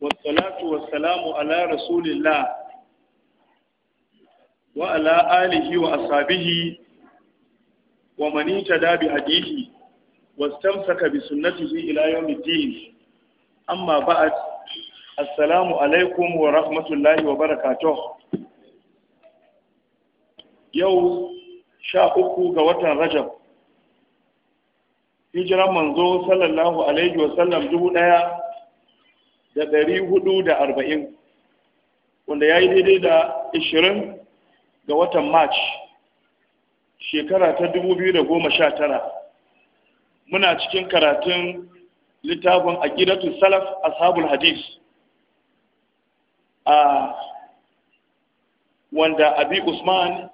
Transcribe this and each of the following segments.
والصلاة والسلام على رسول الله وعلى آله وأصحابه ومن اهتدى بهديه واستمسك بسنته إلى يوم الدين أما بعد السلام عليكم ورحمة الله وبركاته يوم sha uku ga watan Rajab hijiran manzo sallallahu alaihi wa sallam dubu ɗaya da dari hudu da arba'in wanda ya yi daidai da ishirin ga watan march shekara ta dubu biyu da goma sha tara muna cikin karatun littafin aqidatu salaf ashabul hadis a wanda abi usman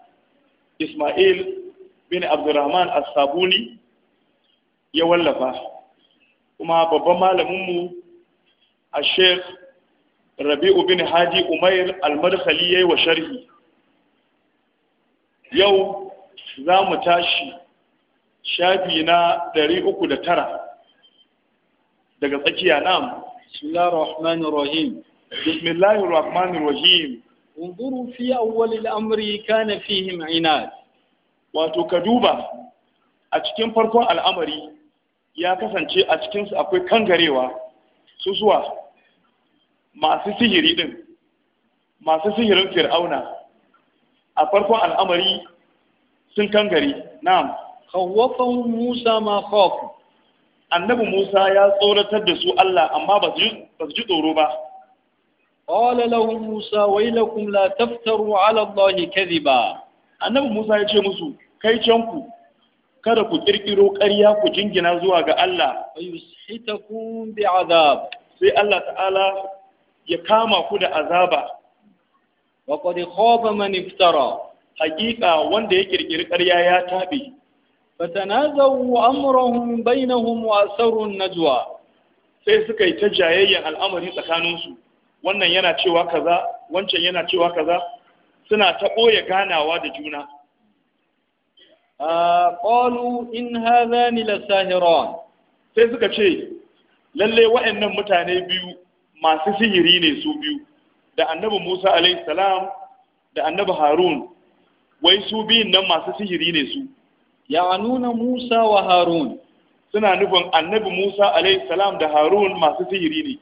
ismail bin abdurrahman as-sabuni ya wallafa kuma babban malaminmu a sheikh rabi'u bin haji umair al-madkhali yayi wa sharhi yau za mu tashi shafi na 309 daga tsakiya nam bismillahir rahmanir rahim rahim انظروا في أول الأمر كان فيهم عناد wato ka duba a cikin farkon al'amari ya kasance a cikinsu akwai kangarewa su zuwa masu sihiri din masu sihirin fir'auna a farkon al'amari sun kangare na'am kawafan musa ma kawafu annabi musa ya tsoratar da su Allah amma ba su ji tsoro ba qala lahu musa wailakum la taftaru ala allahi ba. annabi musa ya ce musu kai canku kada ku kirkiro ƙarya ku jingina zuwa ga Allah yusitakum bi azab sai Allah ta'ala ya kama ku da azaba wa qad khaba man iftara haqiqa wanda ya kirkiri ƙarya ya tabe fatanazawu amrahum bainahum wa asarru najwa sai suka yi ta jayayyan al'amarin tsakaninsu wannan yana cewa kaza wancan yana cewa kaza suna ta ɓoye ganawa da juna qalu in la lasahiran sai suka ce lalle wa'annan mutane biyu masu sihiri ne su biyu da annabi Musa alaihi salam da annabi Harun wai su biyun nan masu sihiri ne su ya nuna Musa wa Harun suna nufin annabi Musa alaihi salam da Harun masu sihiri ne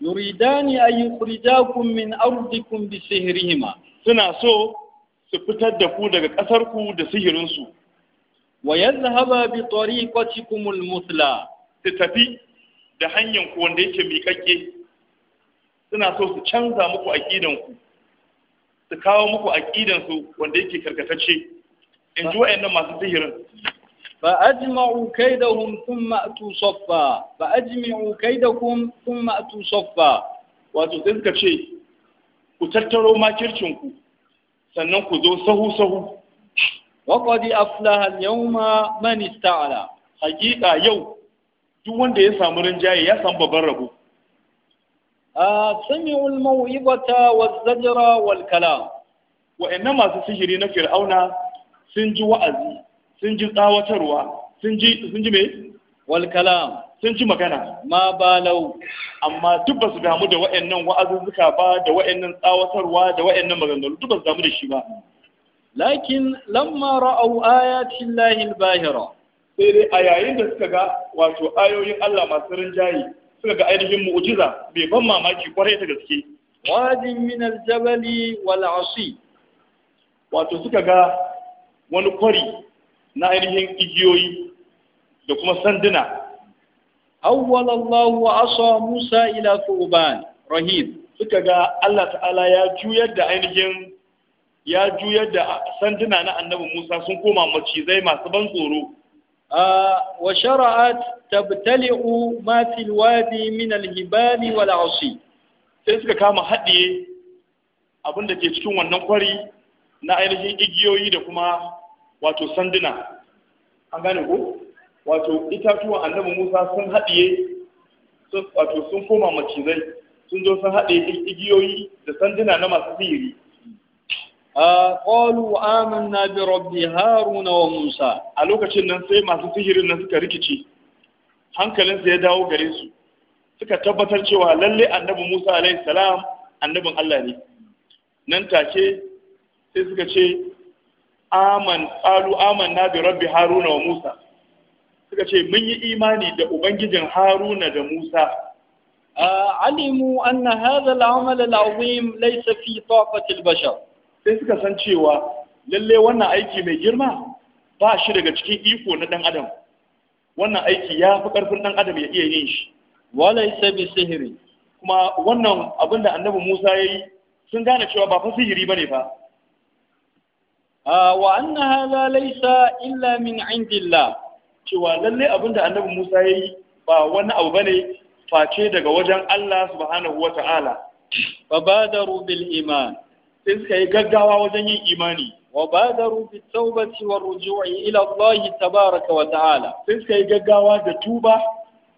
yuridani an yukhrijakum min ardikum bi sihrihima suna so su fitar da ku daga ƙasarku da sihirinsu wa yadhhaba bi tariqatikum al musla. su tafi da hanyar ku wanda yake miƙaƙƙe suna so su canza muku aqidan ku su kawo muku aqidan su wanda yake karkatacce in ji wa'annan masu sihirin fa ajma'u kaidahum thumma atu saffa fa ajma'u kaidakum thumma atu saffa wato sai suka ce ku tattaro makircin ku sannan ku zo sahu sahu wa qad aflaha al-yawma man ista'ala hakika yau duk wanda ya samu rinjaye ya samu babban rabo a sami'ul mawibata waz-zajra wal-kalam wa'annan masu sihiri na fir'auna sun ji wa'azi sun ji tsawatarwa sun ji sun ji me wal kalam sun ci magana ma ba lau. amma duk ba su damu da wa'annan wa'azuzzuka ba da wa'annan tsawatarwa da wa'annan maganganu duk ba damu da shi ba lakin lamma ra'au ayatin lahil bahira sai dai a yayin da suka ga wato ayoyin Allah masu rinjaye suka ga ainihin mu'jiza bai ban mamaki kwarai ta gaske wadin min wal asi wato suka ga wani kwari na ainihin igiyoyi da kuma sanduna awwala Allah wa asa Musa ila thuban rahim suka ga Allah ta'ala ya juyar da ainihin ya juyar da sanduna na annabi Musa sun koma macizai masu ban tsoro wa shara'at tabtali'u ma fil wadi min al hibali wal asi sai suka kama haɗiye abinda ke cikin wannan kwari na ainihin igiyoyi da kuma wato sanduna an gane ko wato itatuwan annabi Musa sun haɗiye wato sun koma macizai sun zo sun haɗe igiyoyi da sanduna na masu sihiri qalu amanna bi rabbi haruna wa musa a lokacin nan sai masu sihirin nan suka rikice hankalinsu ya dawo gare su suka tabbatar cewa lalle annabi musa alaihi salam annabin Allah ne nan take sai suka ce aman qalu amanna bi rabbi haruna wa musa suka ce mun yi imani da ubangijin haruna da musa ah, al-amal al-azim laysa fi taqati al-bashar sai suka san cewa lalle wannan aiki mai girma ba shi daga cikin iko na dan adam wannan aiki ya fi karfin dan adam ya iya yin shi Wa laysa bi sihri kuma wannan abin da annabi Musa yayi sun gane cewa ba fa sihiri bane fa ah, wa anna hadha laysa illa min indillah cewa lallai abin da annabi Musa ya yi ba wani abu bane face daga wajen Allah subhanahu wa ta'ala fa badaru bil iman sai suka yi gaggawa wajen yin imani wa badaru bit tawbati war ruju'i ila Allah tabaraka wa ta'ala sai suka yi gaggawa da tuba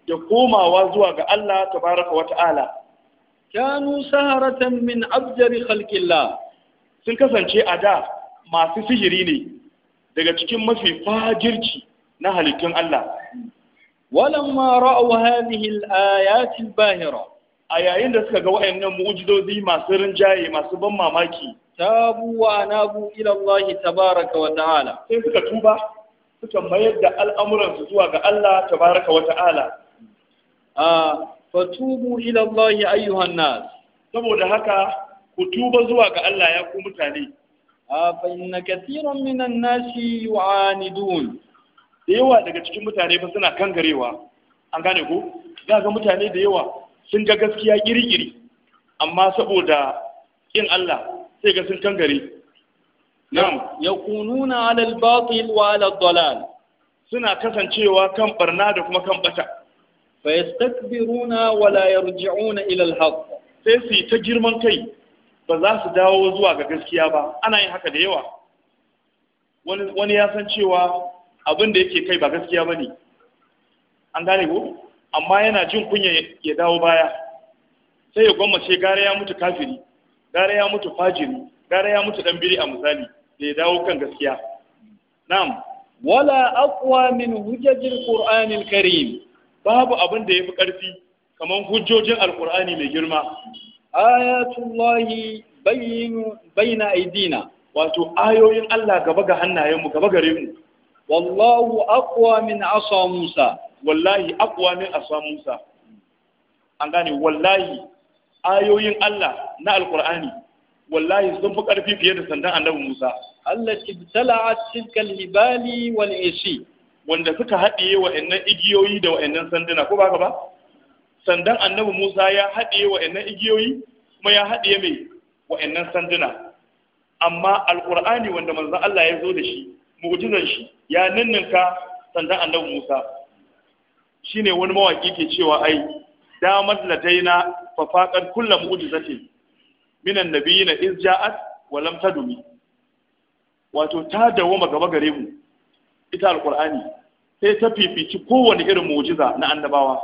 da komawa zuwa ga Allah tabaraka wa ta'ala kanu saharatan min abjari khalqillah sun kasance a da masu sihiri ne daga cikin mafi fajirci na halittun Allah walamma ra'aw hadhihi A ayat al-bahira a yayin da suka ga wayannan mu'ujidodi masu rinjaye masu ban mamaki tabu wa anabu ila Allah tabaraka wa ta'ala sai suka tuba suka mayar da al'amuransu zuwa ga Allah tabaraka wa ta'ala a fatubu ila ayyuhan nas saboda haka ku tuba zuwa ga Allah ya ku mutane a fa inna katiran minan nasi yu'anidun da yawa daga cikin mutane ba suna kan an gane ku. za ga mutane da yawa sun ga gaskiya iri-iri amma saboda in Allah sai ga sun kan gare na'am yakununa ala al-batil wa ala dalal suna kasancewa kan barna da kuma kan bata fa yastakbiruna wa la yarji'una ila al-haqq sai su ta girman kai ba za su dawo zuwa ga gaskiya ba ana yin haka da yawa wani ya san cewa abin da yake kai ba gaskiya ba ne an gane ko amma yana jin kunya ya dawo baya sai ya gwammace gara ya mutu kafiri gara ya mutu fajiri gara ya mutu dan biri a misali da ya dawo kan gaskiya na'am wala aqwa min hujjajil qur'anil karim babu abin da fi karfi kamar hujjojin alqur'ani mai girma ayatullahi bayyin bayna aidina wato ayoyin Allah gaba ga hannayenmu gaba gare wallahu aqwa min asa Musa wallahi aqwa min asa Musa an gane wallahi ayoyin Allah na alqur'ani wallahi sun fi karfi fiye da sandan annabi Musa allati tala'at tilkal hibali wal ishi wanda suka haɗiye wa'annan igiyoyi da wa'annan sanduna ko baka ba sandan annabi Musa ya haɗiye wa'annan igiyoyi kuma ya haɗiye mai wa'annan sanduna amma alqur'ani wanda manzon Allah ya zo da shi mu'jizan shi ya ninninka sandan annabi Musa shine wani mawaki ke cewa ai damat ladaina fa kullum kullu mu'jizatin minan nabiyina iz ja'at wa lam tadumi wato ta dawoma gaba gare mu ita alqur'ani sai ta fifici kowane irin mu'jiza na annabawa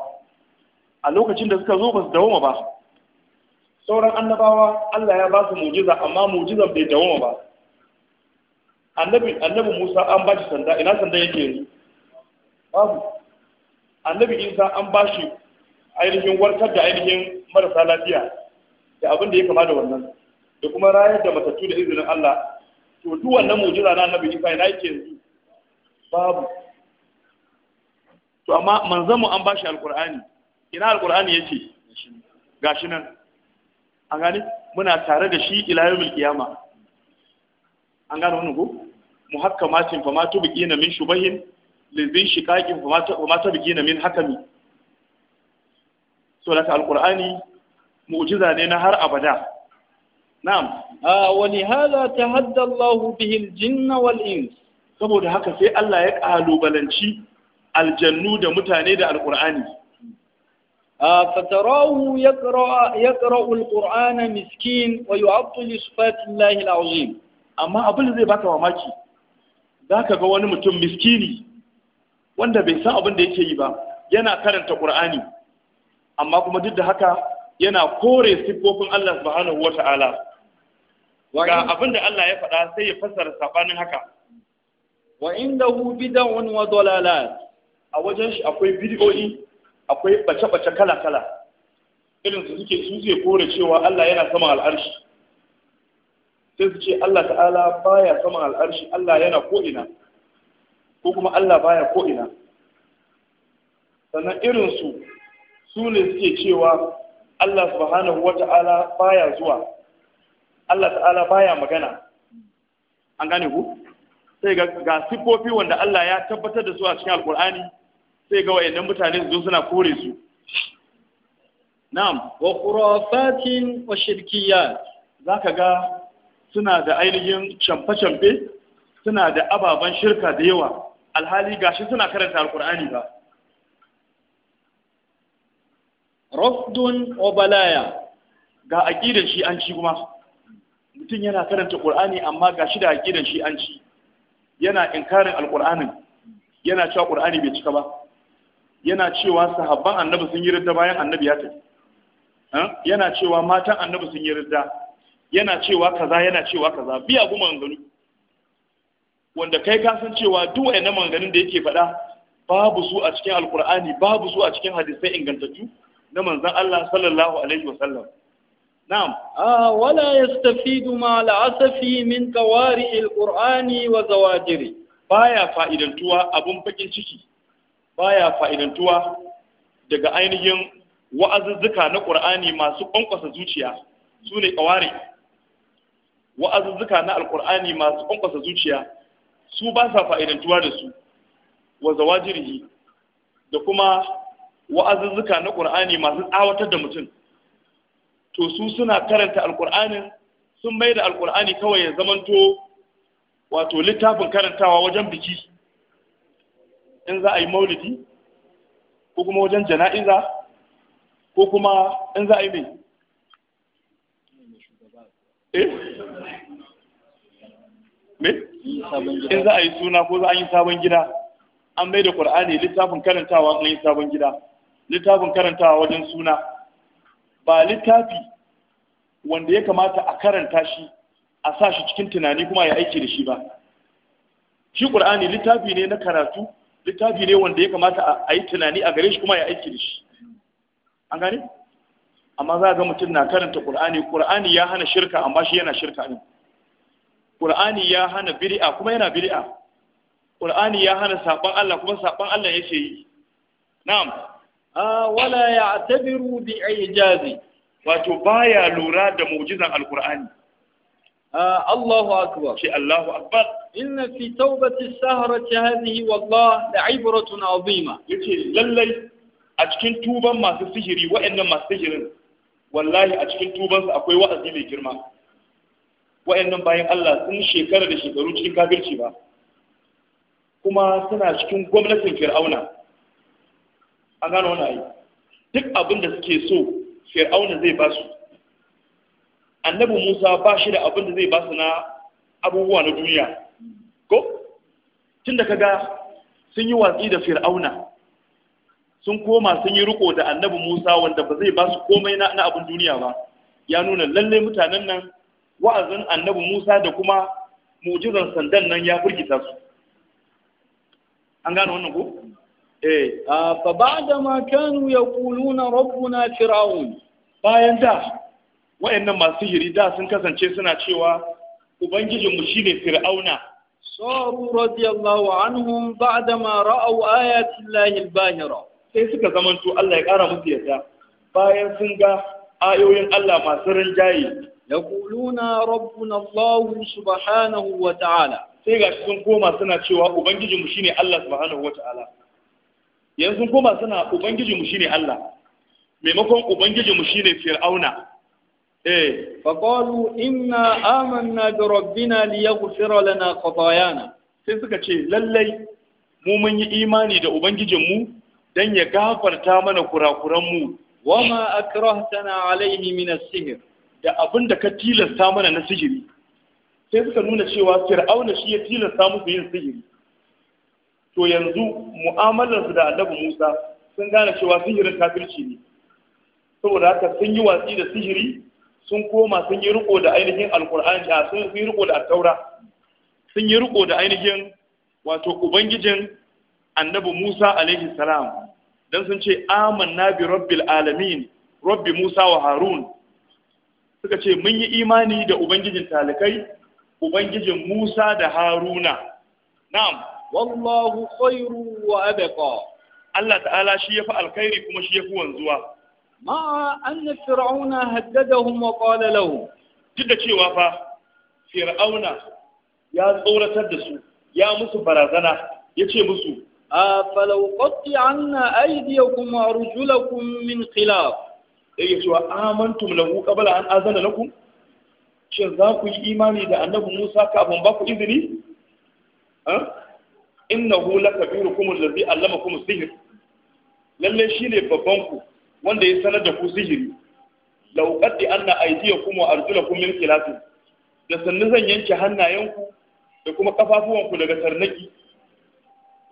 a lokacin da suka zo ba su dawoma ba sauran annabawa Allah ya ba su mu'jiza amma mu'jizan bai dawoma ba annabi annabi Musa an ba shi sanda ina sanda yake yanzu babu annabi Isa an ba shi ainihin warkar da ainihin marasa lafiya da abin da ya kama da wannan da kuma rayar da matattu da izinin Allah to duk wannan mu'jiza na annabi Isa ina yake yanzu babu to amma manzon mu an ba shi alqur'ani ina alqur'ani yake gashi nan an gane muna tare da shi ila yawmil qiyama an gane wannan ko muhakkamatin fa ma tubqina min shubahin lizin shiqaqin fa ma tubqina min hakami so laka alqur'ani mu'jiza ne na har abada na'am wa li hadha tahadda Allah bihi al-jinn wal ins saboda haka sai Allah ya kalubalanci aljannu da mutane da alqur'ani فتراه يقرأ يقرأ القرآن مسكين ويعطل صفات الله العظيم أما أبل زي باكا وماكي za ka ga wani mutum miskini wanda bai san abin da yake yi ba yana karanta ƙur'ani amma kuma duk da haka yana kore siffofin Allah subhanahu wa ta'ala ga abin da Allah ya faɗa sai ya fassara sabanin haka wa indahu bid'un wa dalalat a wajen shi akwai bid'o'i akwai bace-bace kala-kala irin su suke su kore cewa Allah yana sama al'arshi sai su ce Allah ta'ala baya saman al'arshi Allah yana ko'ina ko kuma Allah baya ko'ina sannan irinsu su ne suke cewa Allah subhanahu wa ta'ala baya zuwa Allah ta'ala baya magana an gane ku sai ga siffofi wanda Allah ya tabbatar da su a cikin alkur'ani sai ga wayannan mutane su suna kore su na'am wa khurafatin wa shirkiyat zaka ga suna da ainihin camfe-camfe suna da ababen shirka da yawa alhali gashi suna karanta alkur'ani ba rufdun obalaya ga aƙidar shi an ci kuma mutum yana karanta ƙur'ani amma gashi da aƙidar shi an ci yana inkarin alkur'anin yana cewa ƙur'ani bai cika ba yana cewa sahabban annabi sun yi ridda bayan annabi ya tafi yana cewa matan annabi sun yi ridda yana cewa kaza yana cewa kaza biya gu maganganu wanda kai ka san cewa duk wayannan manganin da yake faɗa babu su a cikin alkur'ani babu su a cikin hadisai ingantattu na manzon Allah sallallahu alaihi wasallam na'am wala yastafidu ma al'asafi min qawari alqur'ani wa zawajiri baya fa'idantuwa abun bakin ciki baya fa'idantuwa daga ainihin wa'azuzzuka na qur'ani masu kwankwasa zuciya sune qawari wa'azuzzuka na alkur'ani masu kwankwasa zuciya su ba sa fa'idantuwa da su wa zawajirihi da kuma wa'azuzzuka na qur'ani masu tsawatar da mutum to su suna karanta alkur'anin sun mai da alkur'ani kawai ya zamanto wato littafin karantawa wajen biki in za a yi maulidi ko kuma wajen jana'iza ko kuma in za a yi mai eh in za a yi suna ko za a yi sabon gida an mai da ƙwar'ani littafin karantawa an yi sabon gida littafin karantawa wajen suna ba littafi wanda ya kamata a karanta shi a sa shi cikin tunani kuma ya aiki da shi ba shi ƙwar'ani littafi ne na karatu littafi ne wanda ya kamata a yi tunani a gare shi kuma ya aiki da shi an gane amma za ga mutum na karanta qur'ani qur'ani ya hana shirka amma shi yana shirka qur'ani ya hana bid'a kuma yana bid'a qur'ani ya hana saban Allah kuma saban Allah ce yi na'am wala ya'tabiru bi ijazi wato baya lura da mu'jizan alqur'ani الله أكبر شيء الله أكبر إن في توبة السهرة هذه والله لعبرة Yace lallai a cikin tuban masu تسجري وإن masu تسجري wallahi a cikin tubansa akwai wa'azi mai girma wa'annan bayan Allah sun shekara da shekaru cikin kafirci ba kuma suna cikin gwamnatin fir'auna an gano wani ayi duk abin da suke so fir'auna zai ba su annabi musa ba shi da abin da zai ba su na abubuwa na duniya ko tun da kaga sun yi watsi da fir'auna sun koma sun yi riko da annabi Musa wanda ba zai ba su komai na abin duniya ba ya nuna lallai mutanen nan wa'azin annabi Musa da kuma mu'jizan sandan nan ya burgita su an gane wannan ko eh fa ba'da ma kanu yaquluna rabbuna fir'aun bayan da wayannan masu hiri da sun kasance suna cewa mu shine fir'auna صاروا رضي الله عنهم بعدما رأوا آيات الله albahira. sai suka zamanto Allah ya ƙara musu yadda bayan sun ga ayoyin Allah masu rinjaye yaquluna rabbuna Allah subhanahu wa ta'ala sai ga sun koma suna cewa ubangijinmu shine Allah subhanahu wa ta'ala yanzu sun koma suna ubangijinmu shine Allah maimakon ubangijinmu shine fir'auna eh faqalu inna amanna bi rabbina liyaghfira lana khataayana sai suka ce lallai mu mun yi imani da ubangijinmu dan ya gafarta mana kurakuranmu ma akrahtana alaihi min as-sihr da abinda ka tilasta mana na sihiri sai suka nuna cewa fir'auna shi ya tilasta musu yin sihiri to yanzu mu'amalarsu da annabi Musa sun gane cewa sihirin kafirci ne saboda haka sun yi watsi da sihiri sun koma sun yi riko da ainihin alkur'ani sun yi riko da at sun yi riko da ainihin wato ubangijin annabi Musa alaihi salam dan sun ce amanna bi rabbil alamin rabbi Musa wa Harun suka ce mun yi imani da ubangijin talikai ubangijin Musa da Haruna na'am wallahu khairu wa abqa Allah ta'ala shi yafi alkhairi kuma shi yafi wanzuwa ma anna fir'auna haddadahum wa qala lahum duk da cewa fa fir'auna ya tsoratar da su ya musu barazana ya ce musu falau qatti anna aydiyakum wa arjulakum min khilaf yake cewa amantum lahu qabla an azana naku? shin za ku yi imani da annabi Musa kafin ba ku izini innahu lakabirukum allazi allamakum sihr lalle shine babban ku wanda ya sanar da ku sihiri law qatti anna aydiyakum wa arjulakum min khilaf da sannu zan yanke hannayenku da kuma kafafuwanku daga tarnaki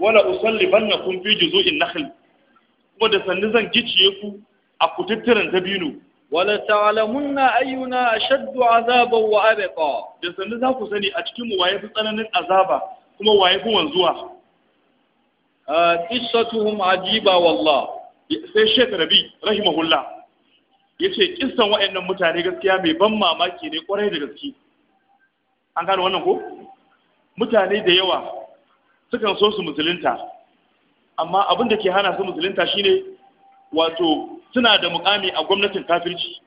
wala kun fi juzu'in nakhl kuma da sanni zan giciye ku a kututturen dabino wala ta'lamunna ayyuna ashaddu azaban wa abqa da sanni za ku sani a cikin mu waye fi tsananin azaba kuma waye fi wanzuwa qissatuhum ajiba wallah sai Sheikh Rabi rahimahullah yace kissan wayannan mutane gaskiya mai ban mamaki ne kwarai da gaske an gano wannan ko mutane da yawa sukan so su musulunta amma abin da ke hana su musulunta shine wato suna da mukami a gwamnatin kafirci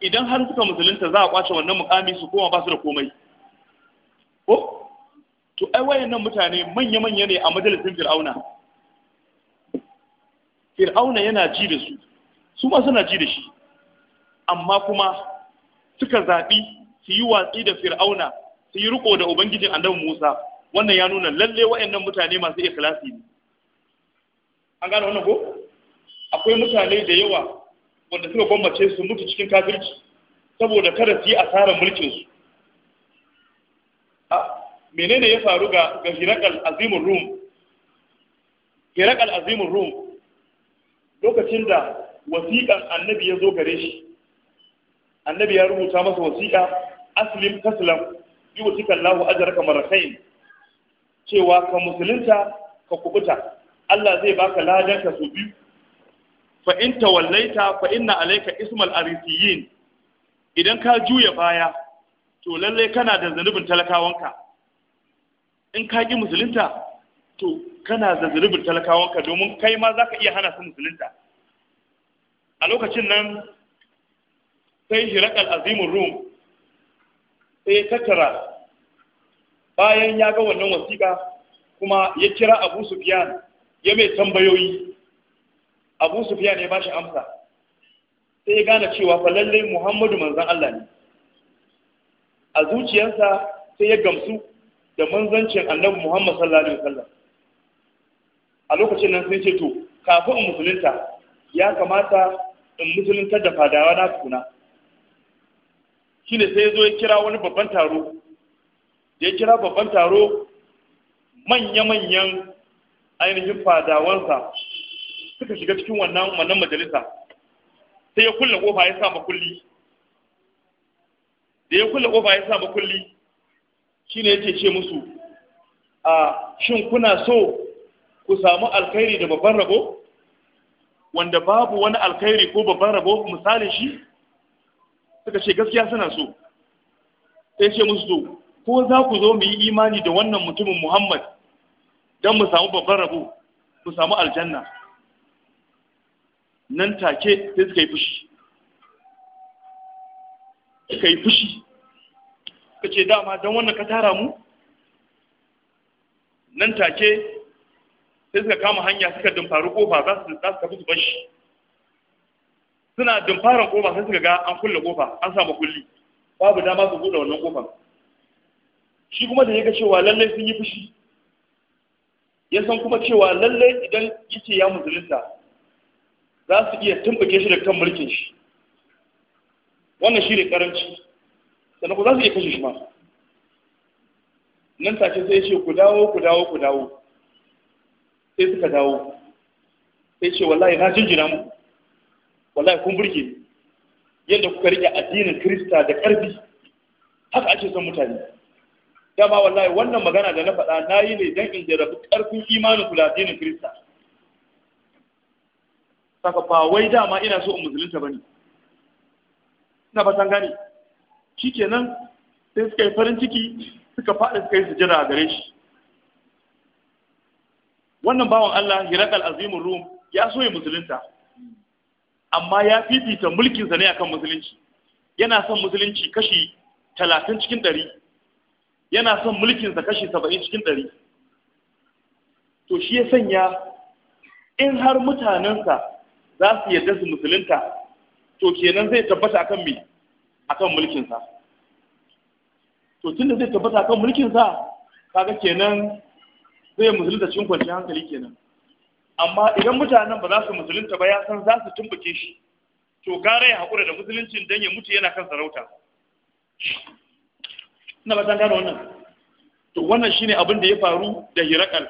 idan har suka musulunta za a kwace wannan mukami su koma ba su da komai ko to ai nan mutane manya-manya ne a majalisin fir'auna fir'auna yana ji da su su ma suna ji da shi amma kuma suka zaɓi su yi watsi da fir'auna su yi riko da ubangijin annabi musa wannan ya nuna lalle wa'annan mutane masu kilasi ne an gane wannan ko akwai mutane da yawa wanda suka gwammace su mutu cikin kafirci saboda kada su yi asarar mulkin su a menene ya faru ga ga hirakal azimin rum hirakal azimin rum lokacin da wasiƙan annabi ya zo gare shi annabi ya rubuta masa wasiƙa aslim taslam yi wasiƙan lahu ajaraka marasain cewa ka musulunta ka kubuta Allah zai baka ladan ka su biyu fa in tawallaita fa inna alayka ismal arisiyin idan ka juya baya to lalle kana da zanubin talakawanka in ka ki musulunta to kana da zanubin talakawanka domin kai ma zaka iya hana su musulunta a lokacin nan sai hirakal azimin rum sai tattara bayan ya ga wannan wasiƙa kuma ya kira abu sufiyan ya mai tambayoyi abu sufiyan ya bashi amsa sai ya gane cewa fa lalle muhammadu Manzon allah ne a zuciyarsa sai ya gamsu da manzancin annabi muhammad sallallahu alaihi wasallam a lokacin nan sun ce to kafin in musulunta ya kamata in musulunta da fadawa na tuna shine sai ya zo ya kira wani babban taro da ya kira babban taro manya-manyan ainihin fadawansa suka shiga cikin wannan wannan majalisa sai ya kulle kofa ya sa makulli da ya kulle kofa ya sa makulli shine yake ce musu a shin kuna so ku samu alkhairi da babban rabo wanda babu wani alkhairi ko babban rabo misalin shi suka ce gaskiya suna so sai ce musu to ko za ku zo mu yi imani da wannan mutumin Muhammad don mu samu babban rabo mu samu aljanna nan take sai suka yi fushi suka yi fushi suka ce dama don wannan ka tara mu nan take sai suka kama hanya suka dumfari kofa za su tafi su bashi suna dumfarin kofa sai suka ga an kulle kofa an samu kulli babu dama su buɗe wannan kofar shi kuma da ya ga cewa lallai sun yi fushi ya san kuma cewa lallai idan yace ya musulunta za su iya tumbuke shi da kan mulkin shi wannan shi ne karanci sannan ku za su iya kashe shi ma nan take sai ya ce ku dawo ku dawo ku dawo sai suka dawo sai ce wallahi na jinjina mu wallahi kun burge yadda kuka rike addinin Kirista da ƙarfi haka ake son mutane dama wallahi wannan magana da na faɗa na yi ne don in jarabi ƙarfin imanin kula da Kirista. Saka ba wai dama ina so in musulunta ba ne. Ina san gane. Shi kenan sai suka yi farin ciki suka faɗi suka yi sujada a gare shi. Wannan bawan Allah al Azimin Rum ya so ya musulunta. Amma ya fifita mulkinsa ne akan musulunci. Yana son musulunci kashi talatin cikin ɗari yana son mulkinsa kashi saba'in cikin ɗari to shi ya sanya in har mutanensa za su yarda su musulunta to kenan zai tabbata akan me akan mulkinsa to tun da zai tabbata akan mulkinsa kaga kenan zai musulunta cikin kwanci hankali kenan amma idan mutanen ba za su musulunta ba ya san za su tumbuke shi to gara ya haƙura da musuluncin don ya mutu yana kan sarauta na ba gano wannan to wannan shine abin da ya faru da hirakal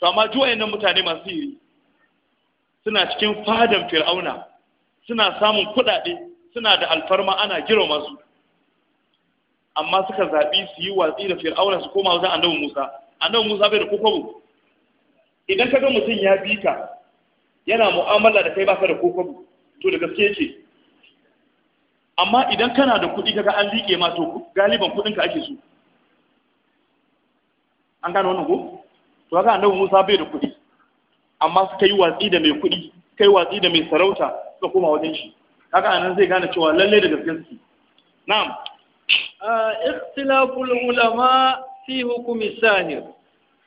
to amma ji wayannan mutane masu yi suna cikin fadan fir'auna suna samun kuɗaɗe suna da alfarma ana girma masu amma suka zaɓi su yi watsi da fir'auna su koma wajen annabi musa annabi musa bai da kokobo idan ka ga mutum ya bi ka yana mu'amala da kai baka da kokobo to da gaske yake amma idan kana da kuɗi kaga an liƙe ma to galiban kuɗinka ake so an gane wannan ko to kaga annabi Musa bai da kuɗi amma suka yi watsi da mai kuɗi kai watsi da mai sarauta suka koma wajen shi kaga anan zai gane cewa lalle da gaske na'am ah, ikhtilafu ulama fi hukumi sahir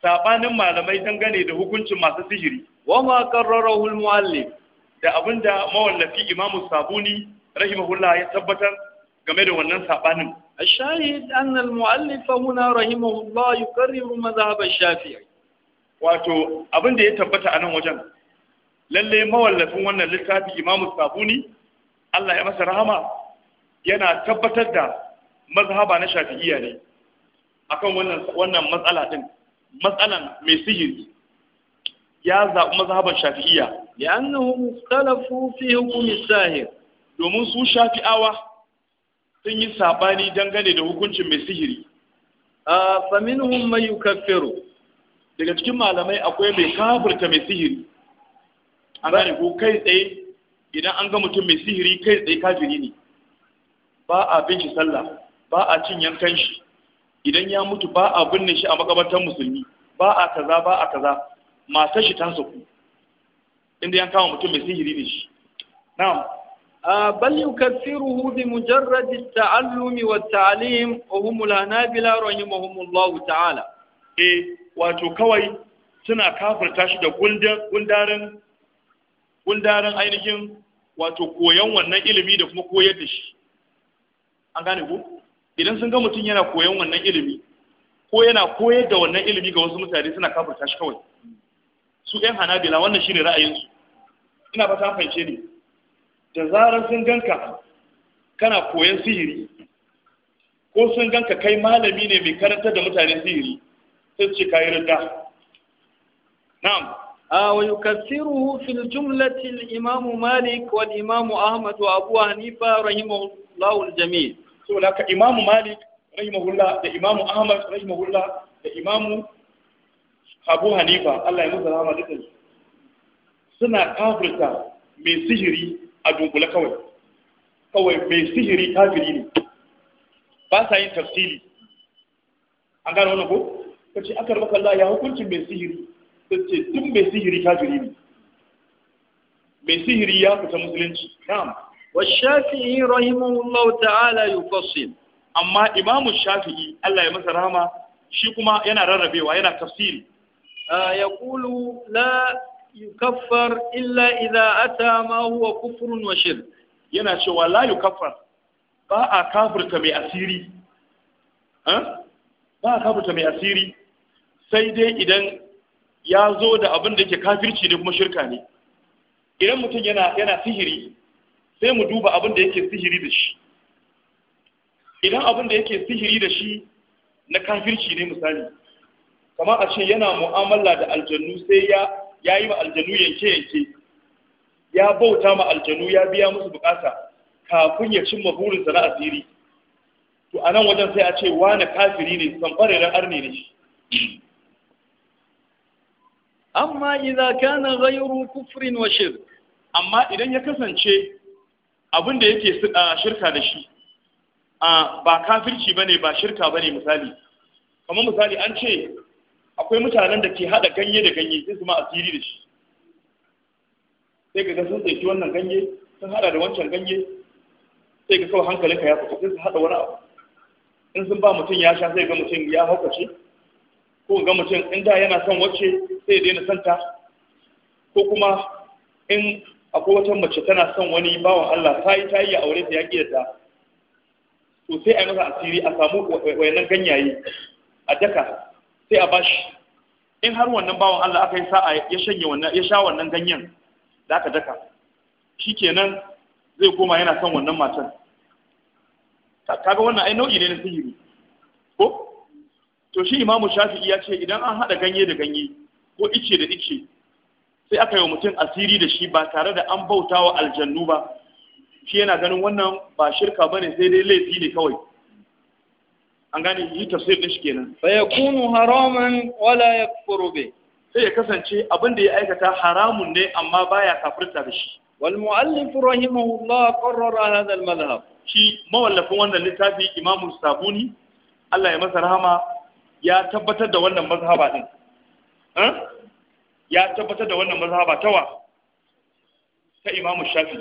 sabanin malamai dangane da hukuncin masu sihiri wa ma qarrarahu al muallif da abinda mawallafi imamu sabuni rahimahullah ya tabbatar game da wannan sabanin الشاهد أن المؤلف هنا رحمه الله يكرر مذهب الشافعي wato abin da ya tabbata a nan wajen lalle mawallafin wannan littafi imamu sabuni Allah ya masa rahama yana tabbatar da mazhaba na shafi'iyya ne akan wannan wannan matsala din matsalan mai sihiri ya zaɓi mazhaban shafi'iyya li'annahu mukhtalafu fi hukmi sahir domin su shafi'awa sun yi sabani dangane da hukuncin mai sihiri fa mai man yukaffiru daga cikin malamai akwai mai kafirta mai sihiri an gane ko kai tsaye idan an ga mutum mai sihiri kai tsaye kafiri ne ba a bin shi sallah ba a cin yankan shi idan ya mutu ba a binne shi a makabartar musulmi ba a kaza ba a kaza matar shi ta saku inda yan kama mutum mai sihiri ne shi na'am بل يكفره بمجرد التعلم والتعليم وهم الهنابلة رحمهم الله تعالى إيه wato kawai suna kafirta shi da gundarin gundarin ainihin wato koyon wannan ilimi da kuma koyar da shi an gane ku idan sun ga mutum yana koyon wannan ilimi ko yana koyar da wannan ilimi ga wasu mutane suna kafirta tashi kawai su yan hanabila wannan shine ra'ayinsu ina ba ta fahimce ne da zarar sun ganka kana koyon sihiri ko sun ganka kai malami ne mai karanta da mutane sihiri sai ce ka yi rida na'am a wa yukassiruhu fil jumlatil imamu malik wal Imamu ahmad wa abu hanifa rahimahullahu al jami' so ka Imamu malik rahimahullah da Imamu ahmad rahimahullah da Imamu abu hanifa Allah ya musu rahama dukansu suna kafirta mai sihiri a dunkule kawai kawai mai sihiri kafiri ne ba sa yin tafsiri an gano wannan ko ce aka rubuta Allah ya hukuncin mai sihiri ce duk mai sihiri kafiri ne mai sihiri ya fita musulunci na'am wa shafi'i rahimahullahu ta'ala yufassil amma imamu shafi'i Allah ya masa rahama shi kuma yana rarrabewa yana tafsiri ah, yaqulu la yukaffar illa idza ata ma huwa kufrun wa shirk yana cewa la yukaffar ba a kafirta mai asiri ba a kafirta mai asiri sai dai idan ya zo da abin da ke kafirci ne kuma shirka ne idan mutum yana yana sihiri sai mu duba abin da yake sihiri da shi idan abin da yake sihiri da shi na kafirci ne misali kamar a ce yana mu'amala da aljannu sai ya ya yi wa aljanu yanke yanke ya bauta ma aljanu ya biya musu bukata kafin ya cimma burinsa na asiri to a nan wajen sai a ce wani kafiri ne na arni ne shi amma ina kana ghayru kufrin wa shirk amma idan ya kasance abin da yake shirka da shi ba kafirci bane ba shirka bane misali kamar misali an ce akwai mutanen da ke haɗa ganye da ganye sai su ma asiri da shi sai ka ga sun tsaiki wannan ganye sun haɗa da wancan ganye sai ka kawai hankalinka ya fita sai su haɗa wani abu in sun ba mutum ya sha sai ga mutum ya haukace ko ga mutum in da yana son wacce sai daina son ta ko kuma in akwai wata mace tana son wani bawan Allah ta yi ta yi aure ta ya ƙi ta to sai a yi masa asiri a samu wayannan ganyaye a daka sai a bashi in har wannan bawan Allah aka yi sa'a ya shanye wannan ya sha wannan ganyen da aka daka shikenan zai koma yana son wannan matan kaga wannan ai nau'i ne na sihiri ko to shi imamu shafi'i ya ce idan an haɗa ganye da ganye ko ice da ice sai aka yi wa mutum asiri da shi ba tare da an bautawa aljannu ba shi yana ganin wannan ba shirka bane sai dai laifi ne kawai an gane yi tafsir din shi kenan fa yakunu haraman wala yakfuru bi sai ya kasance abin da ya aikata haramun ne amma baya kafirta da shi wal muallif rahimahullah qarrara hadha al madhhab shi mawallafin wannan littafi imam sabuni Allah ya masa rahama ya tabbatar da wannan mazhaba din ya tabbatar da wannan mazhaba tawa ta imam shafi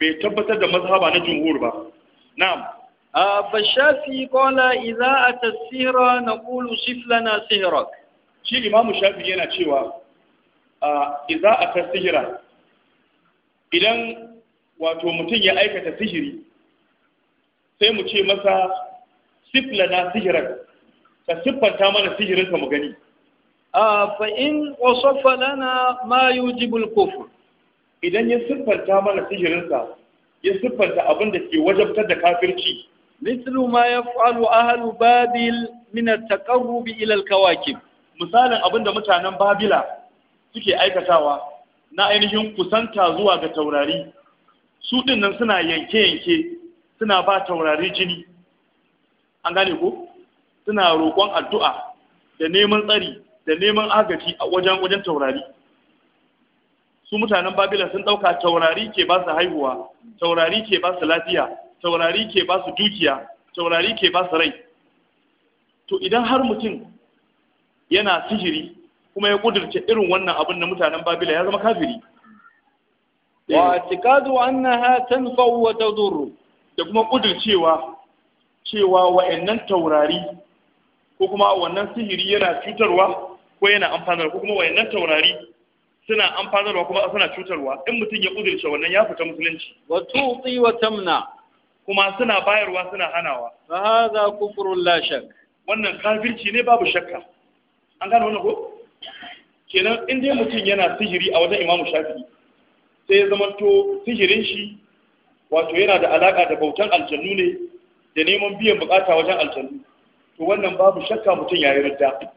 bai tabbatar da mazhaba na jumhur ba na'am فالشافعي قال إذا أتى السهر نقول صف لنا سهرك Shi إمام Shafi yana cewa إذا أتى السهر idan wato mutum ya aikata sihiri sai mu ce masa sifla na sihirar ka siffanta mana sihirinka mu gani fa in wasafa lana ma yujibul kufr idan ya siffanta mana sihirinsa ya siffanta abin da ke wajabtar da kafirci mislu ma yaf'alu ahlu babil min at-taqarrub ila al-kawakib misalin abinda mutanen babila suke aikatawa na ainihin kusanta zuwa ga taurari su dinnan suna yanke-yanke suna ba taurari jini an gane ko suna roƙon addu'a da neman tsari da neman agaji a wajen wajen taurari su mutanen babila sun ɗauka taurari ke basu haihuwa taurari ke basu lafiya taurari ke ba su dukiya taurari ke ba su rai to idan har mutum yana sihiri kuma ya kudurce irin wannan abin na mutanen babila ya zama kafiri eh. wa tikadu annaha tanfa'u wa tadur da kuma kudurcewa cewa wa'annan taurari ko kuma wannan sihiri yana cutarwa ko yana amfana ko kuma wa'annan taurari suna amfanarwa kuma suna cutarwa in mutum ya kudurce wannan ya fita musulunci wa tuti wa tamna kuma suna bayarwa suna hanawa Ba za ku la shak wannan kafirci ne babu shakka an gano wannan ko kenan in dai mutum yana sihiri a wajen imamu shafi'i sai ya to sihirin shi wato yana da alaka da bautan aljannu ne da neman biyan bukata wajen aljannu to wannan babu shakka mutum ya yi ridda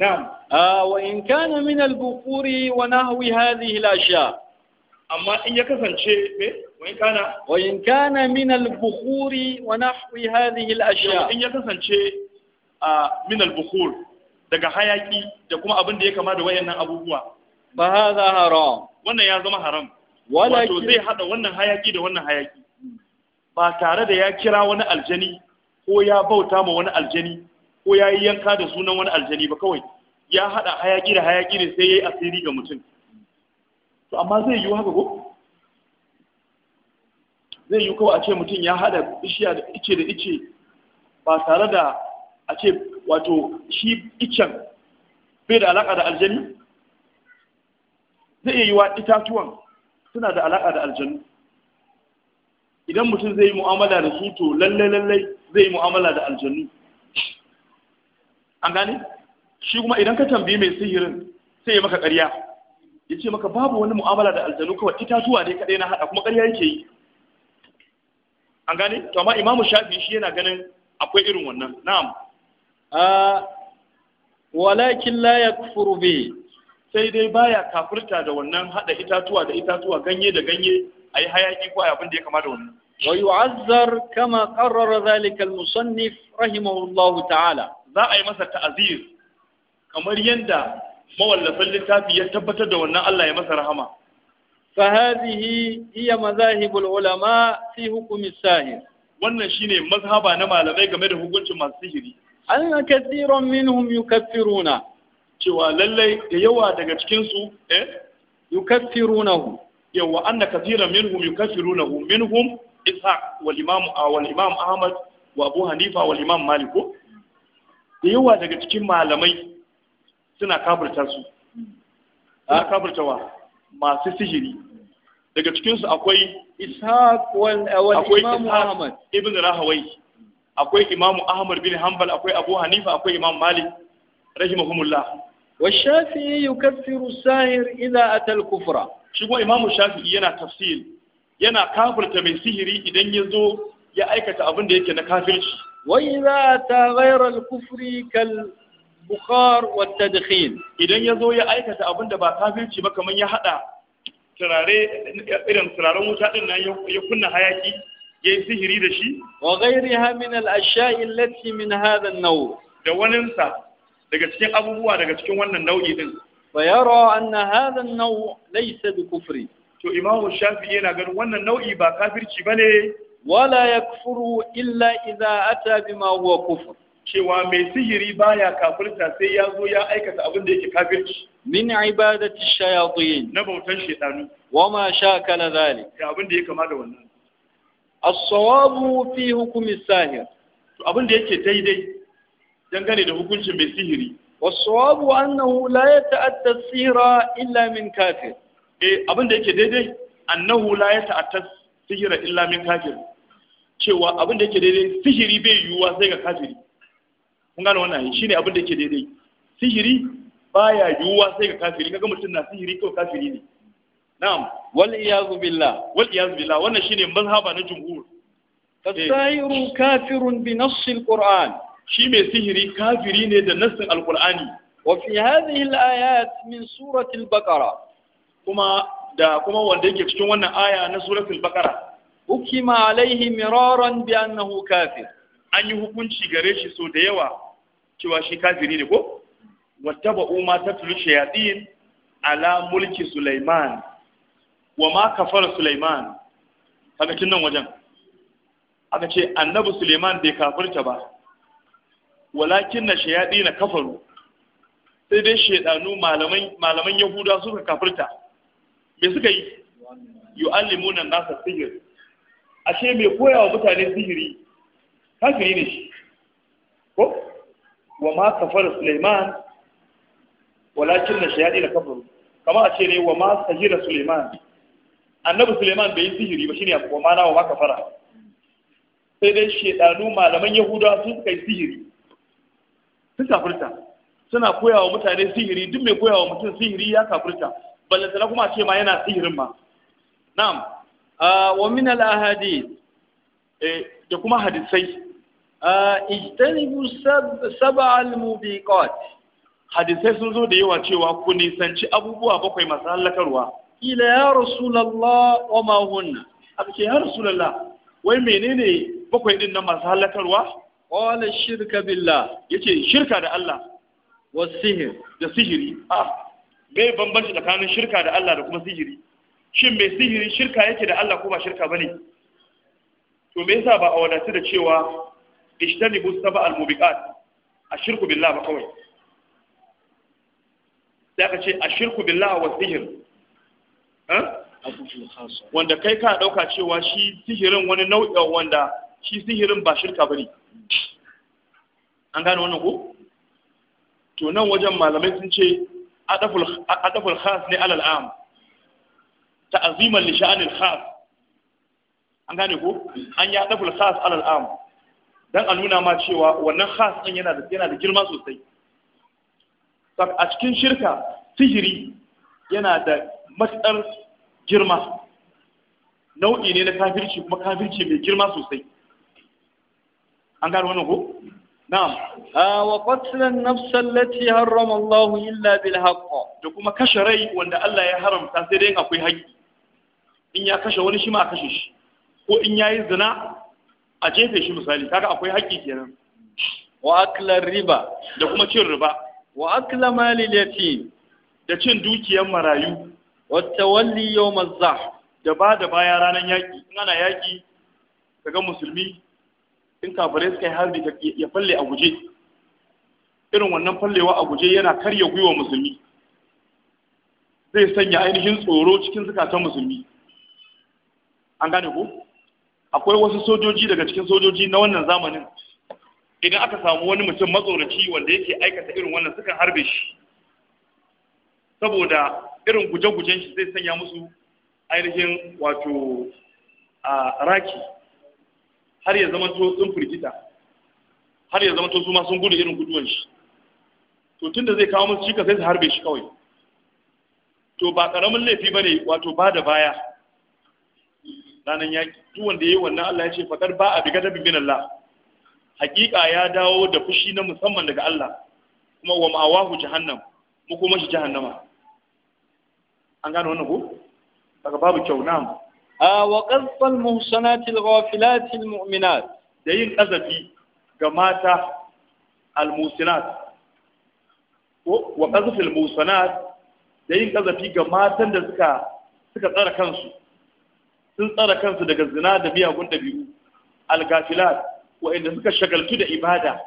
na'am wa in kana min al-bukuri wa nahwi hadhihi al-ashya amma in ya kasance me وإن كان وإن كان من البخور ونحو هذه الأشياء إن يكسن شيء من البخور daga hayaki da kuma abin da ya kama da wayannan abubuwa fa hadha haram wannan ya zama haram wato zai hada wannan hayaki da wannan hayaki ba tare da ya kira wani aljani ko ya bauta wa wani aljani ko ya yi yanka da sunan wani aljani ba kawai ya haɗa hayaki da hayaki ne sai ya yi asiri ga mutum to amma zai yiwu haka ko zai yi kawai a ce mutum ya hada bishiya da ice da ice ba tare da a ce wato shi icen bai da alaka da aljanu zai iya yi wa itatuwan suna da alaka da aljanu idan mutum zai yi mu'amala da su to lalle lalle zai yi mu'amala da aljanu an gane shi kuma idan ka tambayi mai sihirin sai ya maka ƙarya ya ce maka babu wani mu'amala da aljanu kawai itatuwa ne kaɗai na haɗa kuma ƙarya yake yi an gane to amma imamu shafi shi yana ganin akwai irin wannan na'am walakin la yakfuru bi sai dai baya kafirta da wannan hada itatuwa da itatuwa ganye da ganye ayi hayaki ko abin da ya kama da wannan wa yu'azzar kama qarrara zalika al-musannif rahimahullahu ta'ala za a yi masa ta'azir kamar yadda mawallafin littafi ya tabbatar da wannan Allah ya masa rahama فهذه هي مذاهب العلماء في حكم الساهر wannan shine mazhaba na malamai game da hukuncin masu sihiri anna kathiran minhum yukaffiruna cewa lallai da yawa daga cikin su eh yukaffirunahu yawa anna kathiran minhum yukaffirunahu minhum ishaq wal imam wal imam ahmad wa abu hanifa wal imam malik da yawa daga cikin malamai suna kafirta su suna kafirtawa masu sihiri daga cikinsu akwai ishaq wal eh, akwai ahmad ibn rahawai akwai imam ahmad bin hanbal akwai abu hanifa akwai imam malik rahimahumullah wa shafi'i yukaffiru sahir idza ata al kufra shi kuma imamu shafi'i yana tafsir yana kafirta mai sihiri idan ya zo ya aikata abin da yake na kafirci wa idza ta ghayra al kufri kal bukhar wa tadkhin idan ya zo ya aikata abin da ba kafirci ba kamar ya hada turare irin turaren wuta din nan ya kunna hayaki ya yi sihiri da shi wa ghayriha min al-ashya'i allati min hadha an-naw da wanin sa daga cikin abubuwa daga cikin wannan nau'i din fa yara anna hadha an-naw laysa bi kufri to imamu shafi'i yana ganin wannan nau'i ba kafirci bane wala yakfuru illa idza ata bima huwa kufr cewa mai sihiri baya kafirta sai ya zo ya aikata abin da yake kafirci min ibadati shayatin na bautan shaytanu wa ma sha kana zali Ya abin da ya kama da wannan as-sawabu fi hukmi sahir to abin da yake daidai dangane da hukuncin mai sihiri was-sawabu annahu la yata'atta sihra illa min kafir eh abin da yake daidai annahu la yata'atta sihra illa min kafir cewa abin da yake daidai sihiri bai yiwuwa sai ga kafiri kun gane wannan Shi ne abin da yake daidai sihiri baya yiwuwa sai ga kafiri kaga mutum na sihiri kawai kafiri ne na'am wal iyazu billah wal iyazu billah wannan shine mazhaba na jumhur fasairu eh. kafirun bi nass alquran shi mai sihiri kafiri ne da nassin alqurani wa fi hadhihi alayat min surati albaqara kuma da kuma wanda yake cikin wannan aya na suratul albaqara ukima alaihi miraran bi annahu kafir an yi hukunci gare shi so da yawa cewa shi kafiri ne ko ta umma tatlu shayadin ala mulki sulaiman wa ma kafar sulaiman haka kin nan wajen aka ce annabi sulaiman bai kafirta ba walakin na shayadi na kafaru sai dai shaidanu malaman yahuda suka kafirta me suka yi yu'allimuna nasa sihir ashe mai koya wa mutane sihiri kafiri ne shi wa ma kafara Sulaiman walakin na shayadi da kafaru kama a ce ne wa ma sahira Sulaiman annabi Suleiman bai yi sihiri ba shine wa ma na wa ma kafara sai dai shedanu malaman Yahudawa sun kai sihiri sun kafirta suna koya wa mutane sihiri duk mai koya wa mutum sihiri ya kafirta ballantana kuma a ce ma yana sihirin ma na'am ah, wa min al-ahadith eh, da kuma hadisai ijtanibu sab'al mubiqat hadisai sun zo da yawa cewa ku nisanci abubuwa bakwai masu halakarwa ila ya rasulullah wa ma hunna abuke ce ya rasulullah wai menene bakwai din nan masu halakarwa qala shirka billah yace shirka da Allah wa sihir da sihiri ah gai bambanci tsakanin shirka da Allah da kuma sihiri shin mai sihiri shirka yake da Allah ko ba shirka bane to me yasa ba a wadatu da cewa ishtanibu saba al-mubiqat ashirku billah ba kawai sai aka ce ashirku billah wanda kai ka dauka cewa shi sihirin wani nau'in wanda shi sihirin ba shirka bane an gane wannan ko to nan wajen malamai sun ce adaful khas ne alal am ta'ziman li sha'anil khas an gane ko an ya adaful khas alal am dan a nuna ma cewa wannan khas din yana da yana da girma sosai a cikin shirka sihiri yana da matsar girma nau'i ne na kafirci kuma kafirci mai girma sosai an gano wannan ko na'am wa qatlan nafs allati harrama Allah illa bil haqq da kuma kashe rai wanda Allah ya haramta sai dai akwai haƙƙi in ya kashe wani shi ma kashe shi ko in yayi zina a jefe shi misali kaga akwai haƙƙi kenan wa aklar riba da kuma cin riba wa akla mali yatim da cin dukiyar marayu wa tawalli yawm zah da ba da baya ranar yaki in ana yaƙi kaga musulmi in kafare suka yi harbi ya falle a guje irin wannan fallewa a guje yana karya gwiwa musulmi zai sanya ainihin tsoro cikin zukatan musulmi an gane ko akwai wasu sojoji daga cikin sojoji na wannan zamanin idan aka samu wani mutum matsoraci wanda yake aikata irin wannan sukan harbe shi saboda irin guje-gujen shi zai sanya musu ainihin wato a raki har ya zama to sun firgita har ya zama to su ma sun gudu irin guduwan shi to tunda zai kawo musu cika sai su harbe shi kawai to ba karamin laifi bane wato ba da baya ranar yaƙi duk wanda ya yi wannan Allah ya ce faɗar ba a biga bin Allah hakika ya dawo da fushi na musamman daga Allah kuma wa ma'awahu jahannam mu kuma shi jahannama an gano wannan ko daga babu kyau na. a wa qasfal muhsanati al-ghafilati al-mu'minat da yin kazafi ga mata al musinat ko wa qasfal muhsanat da yin kazafi ga matan da suka suka tsara kansu sun tsara kansu daga zina da miyagun dabi'u al wa wa'inda suka shagaltu da ibada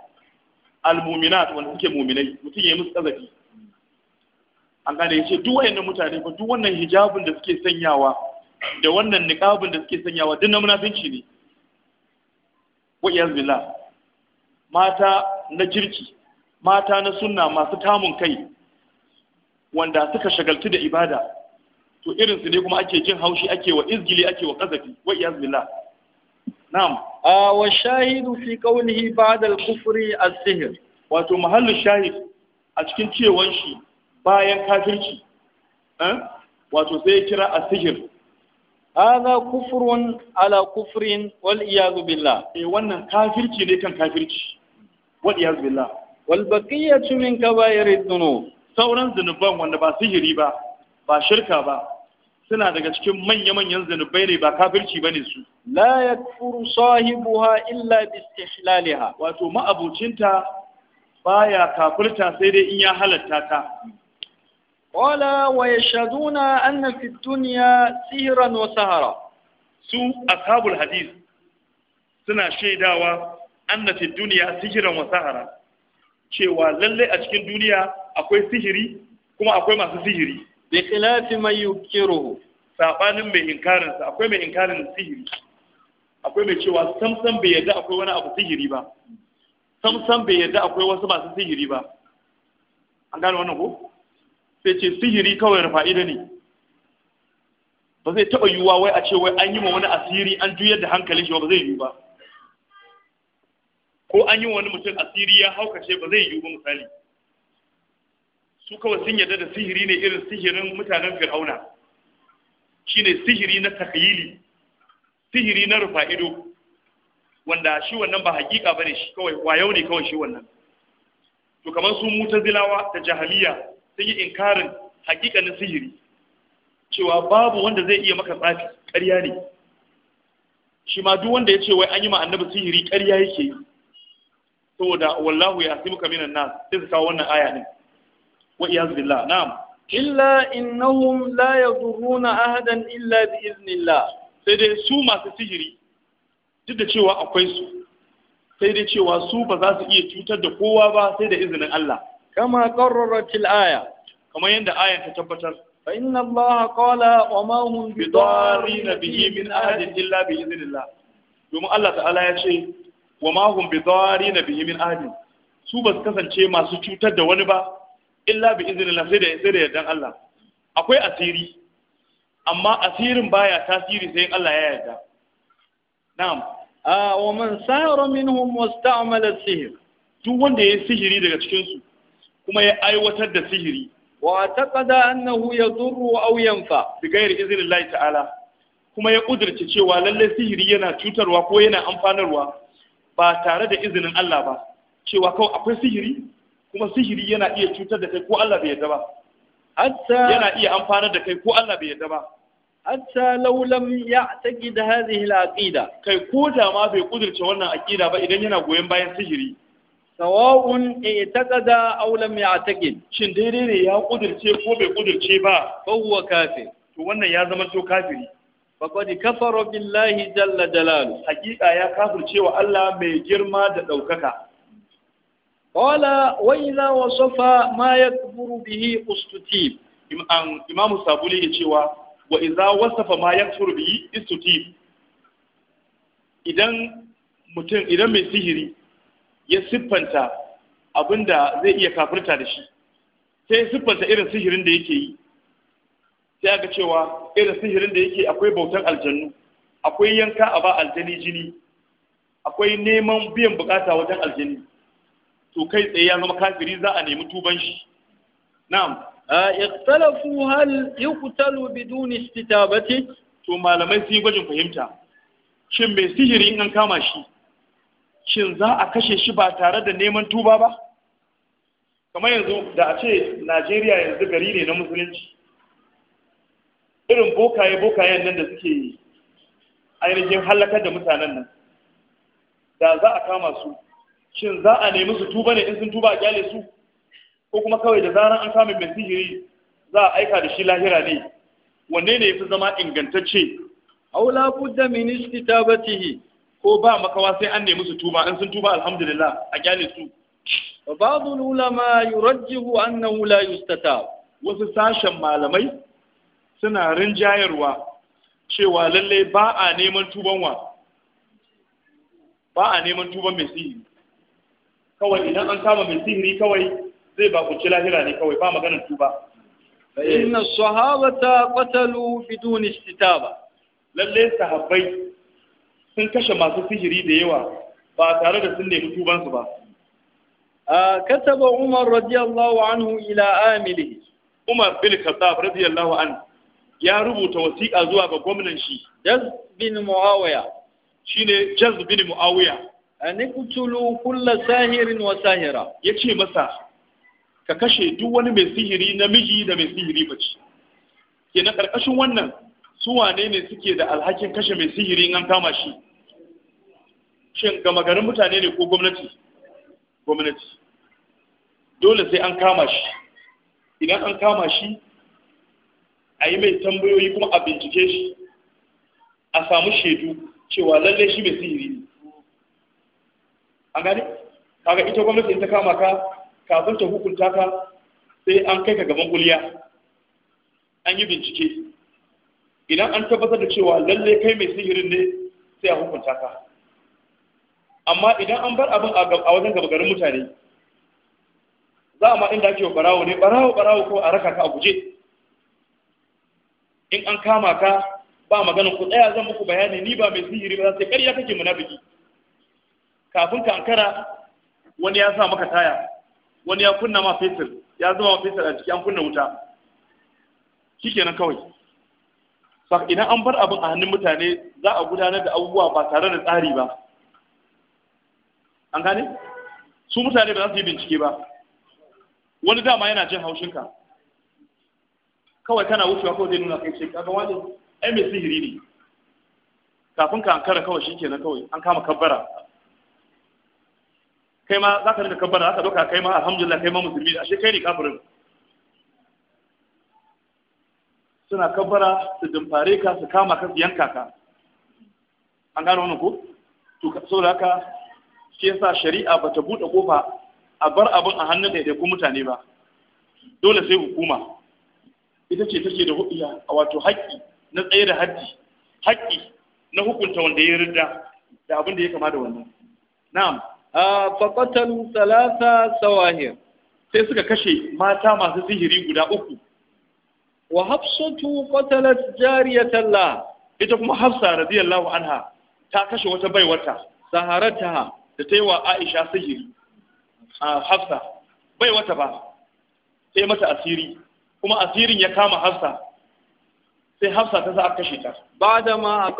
al-muminat wanda suke muminai mutum ya yi musu kazafi an gane ya ce duk wayannan mutane ba duk wannan hijabun da suke sanyawa da wannan niƙabun da suke sanyawa duk na munafinci ne wa iyaz mata na kirki mata na sunna masu tamun kai wanda suka shagaltu da ibada to irin su ne kuma ake jin haushi ake wa izgili ake wa kazafi wa iyaz billah na'am a wa shahidu fi qawlihi ba'da al-kufri as-sihr wato mahallu shahid a cikin cewan shi bayan kafirci eh wato sai kira as-sihr hadha kufrun ala kufrin wal iyaz billah eh wannan kafirci ne kan kafirci wal iyaz billah wal baqiyatu min kaba'ir adh-dhunub sauran zinuban wanda ba sihiri ba ba shirka ba suna daga cikin manya-manyan zanubai ne ba kafirci ba ne su. La ya sahibuha illa bi istihlaliha. Wato ma'abucinta baya kafirta sai dai in ya halatta ta. Qala wa yashhaduna anna fi dunya sihran wa sahara. Su ashabul hadis suna shaidawa anna fi dunya sihran wa sahara. Cewa lallai a cikin duniya akwai sihiri kuma akwai masu sihiri. bi khilafi man yukiruhu sabanin mai inkarin sa akwai mai inkarin sihiri akwai mai cewa samsam bai yadda akwai wani abu sihiri ba samsam bai yadda akwai wasu masu sihiri ba an gane wannan ko sai ce sihiri kawai fa'ida ne ba zai taɓa yiwuwa wai a ce wai an yi ma wani asiri an juyar da hankalin shi ba zai yiwu ba ko an yi wani mutum asiri ya haukace ba zai yiwu ba misali su kawai sun yarda da sihiri ne irin sihirin mutanen fir'auna Shi ne sihiri na takayili sihiri na rufa ido wanda shi wannan ba hakika ne shi kawai wayo ne kawai shi wannan to kamar su zilawa da jahaliya sun yi inkarin hakikanin sihiri cewa babu wanda zai iya maka tsafi ƙarya ne shi ma duk wanda ya ce wai an yi ma annabi sihiri ƙarya yake yi saboda wallahu ya asimuka minan nas sai su kawo wannan aya ne wa iyaz billah na'am illa innahum la yadurruna ahadan illa bi sai dai su masu sihiri duk da cewa akwai su sai dai cewa su ba iya cutar da kowa ba sai da izinin Allah kama qarrarat al-aya kamar yadda ayan ta tabbatar fa inna Allah qala wa ma hum bidarrin min ahadin illa bi domin Allah ya ce min su basu kasance masu cutar da wani ba illa bi iznillah sai da sai da yardan Allah akwai asiri amma asirin baya tasiri sai Allah ya yarda na'am a wa man sahara minhum wasta'mala sihr duk wanda yayi sihiri daga cikin su kuma ya aiwatar da sihiri wa taqada annahu yadurru aw yanfa bi ghairi iznillah ta'ala kuma ya kudirce cewa lalle sihiri yana cutarwa ko yana amfanarwa ba tare da izinin Allah ba cewa kawai akwai sihiri kuma sihiri yana iya cutar da kai ko Allah bai yarda ba hatta yana iya amfanar da kai ko Allah bai yarda ba hatta law ya'taqid hadhihi al-aqida kai ko da ma bai kudirce wannan aqida ba idan yana goyen bayan sihiri sawa'un i'taqada aw lam ya'taqid shin daidai ne ya kudirce ko bai kudirce ba fa huwa kafir to wannan ya zama to kafiri faqad kafara billahi jalla jalal hakika ya kafirce wa Allah mai girma da daukaka Ƙwala wa'iza wa sofa ma ya kufuru bihi ustutib. ya cewa wa'iza wasafa ma ya kufuru bihi Idan mutum mai sihiri ya siffanta abinda zai iya kafirta da shi, sai siffanta irin sihirin da yake yi. Sai aka cewa irin sihirin da yake akwai bautar aljannu, akwai yanka a ba aljani jini, akwai neman biyan bukata wajen aljani. to kai tsaye ya zama kafiri za a nemi tuban shi na'am ikhtalafu hal yuqtalu biduni istitabati to malamai sun yi gwajin fahimta shin mai sihiri in an kama shi shin za a kashe shi ba tare da neman tuba ba kamar yanzu da a ce Najeriya yanzu gari ne na musulunci irin bokaye bokayen nan da suke ainihin halakar da mutanen nan da za a kama su shin za a nemi su tuba ne in sun tuba a kyale su ko kuma kawai da zaran an kama mai sihiri za a aika da shi lahira ne wanne ne yafi zama ingantacce aula la budda min istitabatihi ko ba makawa sai an nemi su tuba in sun tuba alhamdulillah a kyale su wa ba'd ulama yurajjihu annahu la yustatab wasu sashen malamai suna rinjayarwa cewa lalle ba a neman tuban wa ba a neman tuban mai sihiri kawai idan an kama mai sihiri kawai zai ba ku ci lahira ne kawai ba maganar tuba. Inna sahabata qatalu bidun istitaba. Lalle sahabbai sun kashe masu sihiri da yawa ba tare da sun nemi tubansu ba. A kataba Umar radiyallahu anhu ila amilihi. Umar bin Khattab radiyallahu anhu ya rubuta wasiƙa zuwa ga gwamnan shi. Jaz bin Muawiya. Shine Jaz bin Muawiya. an iqtulu kulla sahirin wa sahira yace masa ka kashe duk wani mai sihiri na miji da mai sihiri Ke kenan karkashin wannan su wane ne suke da alhakin kashe mai sihiri an kama shi shin gama garin mutane ne ko gwamnati gwamnati dole sai an kama shi idan an kama shi a yi mai tambayoyi kuma a bincike shi a samu shaidu cewa lallai shi mai sihiri ne an gani kaga ita gwamnati ta kama ka kafin ta hukunta ka sai an kai ka gaban kuliya an yi bincike idan an tabbatar da cewa lalle kai mai sihirin ne sai a hukunta ka amma idan an bar abin a wajen gaba garin mutane za a ma inda ake barawo ne barawo barawo ko a raka ka a guje in an kama ka ba maganin ku tsaya zan muku bayani ni ba mai sihiri ba sai su karya kake munafiki kafin ka ankara wani ya sa maka taya wani ya kunna ma fetur ya zama ma fetur a cikin an kunna wuta kenan kawai saka idan an bar abin a hannun mutane za a gudanar da abubuwa ba tare da tsari ba an gane su mutane ba za su yi bincike ba wani dama yana jin haushinka kawai kana wucewa kawai zai nuna kai ce kaga wani ai mai sihiri ne kafin ka ankara kawai shi kenan kawai an kama kabbara kai ma za ka rika kabbara za ka doka kai ma alhamdulillah kai ma musulmi ashe kai ne kafirin suna kabbara su dimfare ka su kama ka su yanka ka an gano wannan ko to saboda haka shi yasa shari'a ba ta bude kofa a bar abin a hannun ɗaiɗaikun mutane ba dole sai hukuma ita ce take da hudiya a wato haƙƙi na tsaye da haddi haƙƙi na hukunta wanda ya ridda da abin da ya kama da wannan na'am faƙatalu salasa sawahir sai suka kashe mata masu sihiri guda uku wa hafsatu qatalat jariyatan ita kuma hafsa radiyallahu anha ta kashe wata baiwata saharataha da ta yi wa aisha sihiri a hafsa baiwata ba sai mata asiri kuma asirin ya kama hafsa sai hafsa ta sa aka kashe ta ba da ma a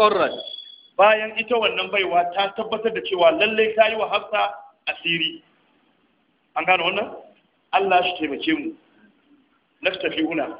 bayan ita wannan baiwa ta tabbatar da cewa lallai ta yi wa hafsa asiri an gano wannan Allah shi taimake mu na tafi una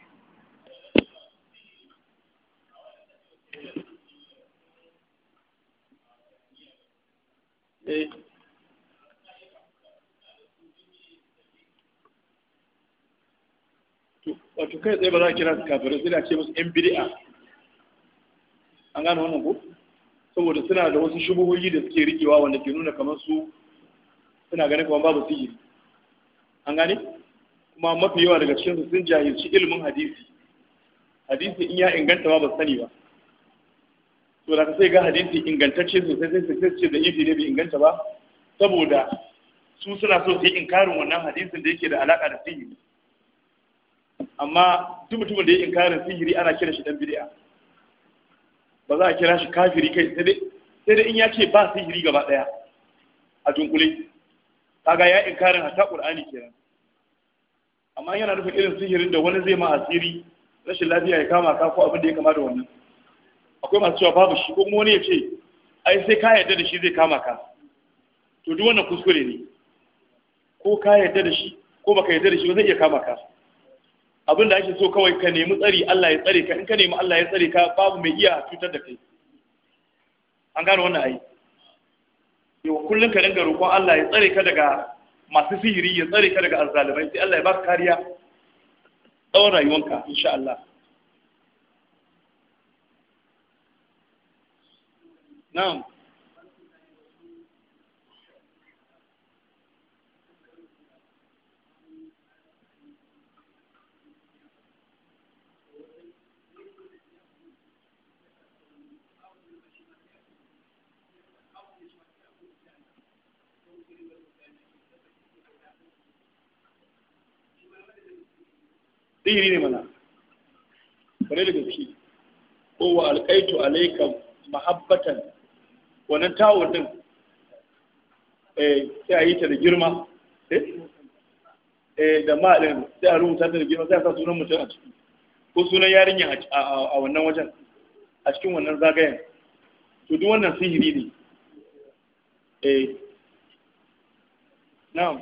wato kai tsaye ba za a kira su kafirin sai a ce musu yan bidi'a an gane wannan ko saboda suna da wasu shubuhoyi da suke rikewa wanda ke nuna kamar su suna ganin kamar babu sihiri an gane kuma mafi yawa daga cikin su sun jahilci ilimin hadisi hadisi in ya inganta babu sani ba to da sai ga hadisi ingantacce sosai sai sai sai ce da yi ne bai inganta ba saboda su suna so su yi inkarin wannan hadisin da yake da alaka da sihiri amma duk mutumin da ya inkarin sihiri ana kira shi dan bid'a ba za a kira shi kafiri kai sai dai sai dai in ya ce ba sihiri gaba daya a dunkule kaga ya inkarin hatta qur'ani kenan amma yana nufin irin sihirin da wani zai ma asiri rashin lafiya ya kama ka ko abin da ya kama da wannan akwai masu cewa babu shi ko wani ya ce ai sai ka yarda da shi zai kama ka to duk wannan kuskure ne ko ka yarda da shi ko baka yarda da shi ba zai iya kama ka abin da ake so kawai ka nemi tsari Allah ya tsare ka in ka nemi Allah ya tsare ka babu mai iya cutar da kai an gano wannan ai yau kullum ka dinga roƙon Allah ya tsare ka daga masu sihiri ya tsare ka daga azzalumai sai Allah ya baka kariya tsawon rayuwanka insha Allah na'am sihiri ne mana bare da gaske ko wa alƙaitu alaika mahabbatan wannan tawon din eh, sai a yi ta da girma eh, eh da ma sai a rubuta ta da girma sai a sa sunan mutum a ciki ko sunan yarinya a wannan wajen a cikin wannan zagayen to duk wannan sihiri ne eh na'am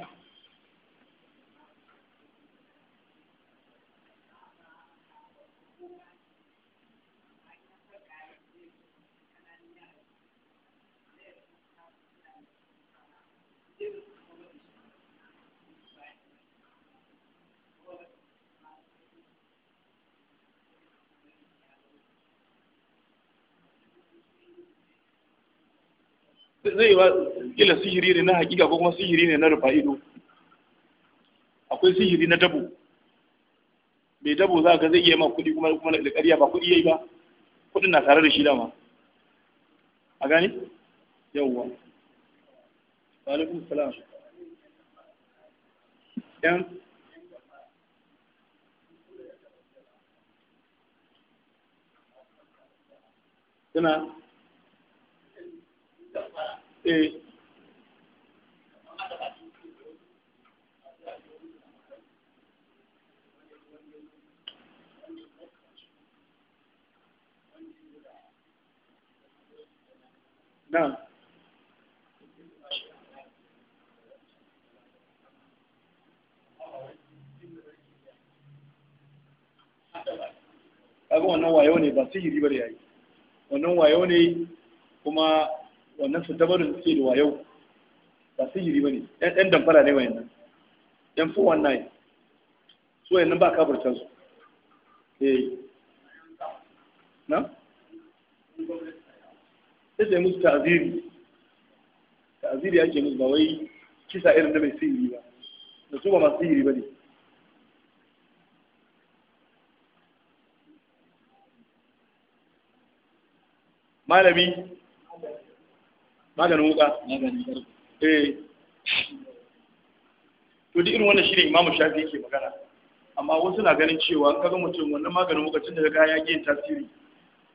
zai ba kila sihiri ne na hakika ko kuma sihiri ne na rufa ido akwai sihiri na dabo mai dabo za ka zai iya ma kuɗi kuma kuma da ƙarya ba kuɗi yayi ba kuɗin na tare da shi dama a gani? yawwa alaikum salam yan suna eh نعم kaga wannan wayo ne ba sihiri bane yayi wannan wayo ne kuma wannan su tabarin ce da yau. ba sihiri ba ne ɗan damfara ne wayannan ɗan fi wannan su nan ba kabarta su eh na? Ita sai musu ta'aziri ta'aziri ake musu ba wai kisa irin da mai sihiri ba da su ba masu sihiri ba ne malami maganin wuka eh to duk irin wannan shirin, ne imamu shafi yake magana amma wasu na ganin cewa kaga mutum wannan maganin wuka tun daga ya yin tasiri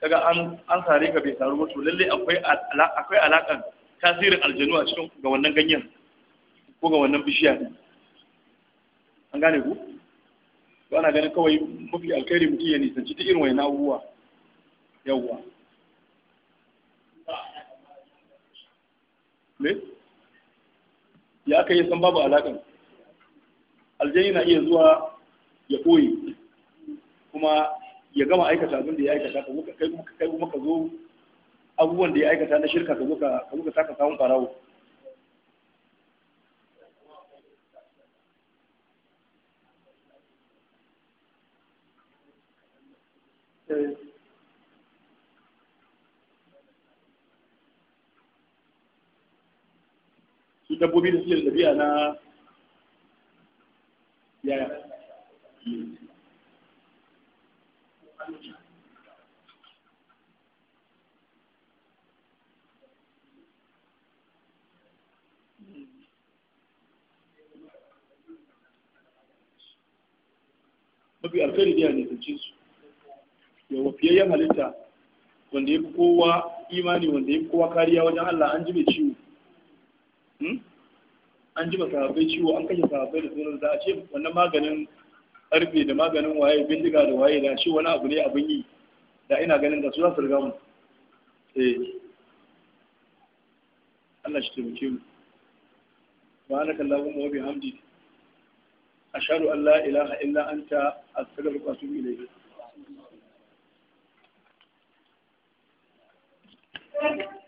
kaga an an sare ka bai saru ba to lalle akwai akwai alakan tasirin aljanu a cikin ga wannan ganyen ko ga wannan bishiya an gane ku to ana ganin kawai mafi alkhairi mutum ya nisanci duk irin wayan abubuwa yawwa me ya aka yi san babu alaƙan aljani na iya zuwa ya koyi kuma ya gama aikata abin da ya aikata ka kai kuma kai kuma ka zo abubuwan da ya aikata na shirka ka zo ka ka saka samun farawo eh dabbobi da suke da tafiya na yaya mafi alkhairi da ne tunce su yawa fiyayyen halitta wanda ya fi kowa imani wanda ya fi kowa kariya wajen Allah an jibe ciwo hmm? an ji sahabbai ciwo an kashe sahabbai da sunan da a ce wannan maganin karfe da maganin waye bindiga da waye da shi wani abu ne abin yi da ina ganin da su za su riga mu eh Allah shi taimake mu subhanaka allahumma wa bihamdika ashhadu an la ilaha illa anta astaghfiruka wa atubu ilayk Thank you.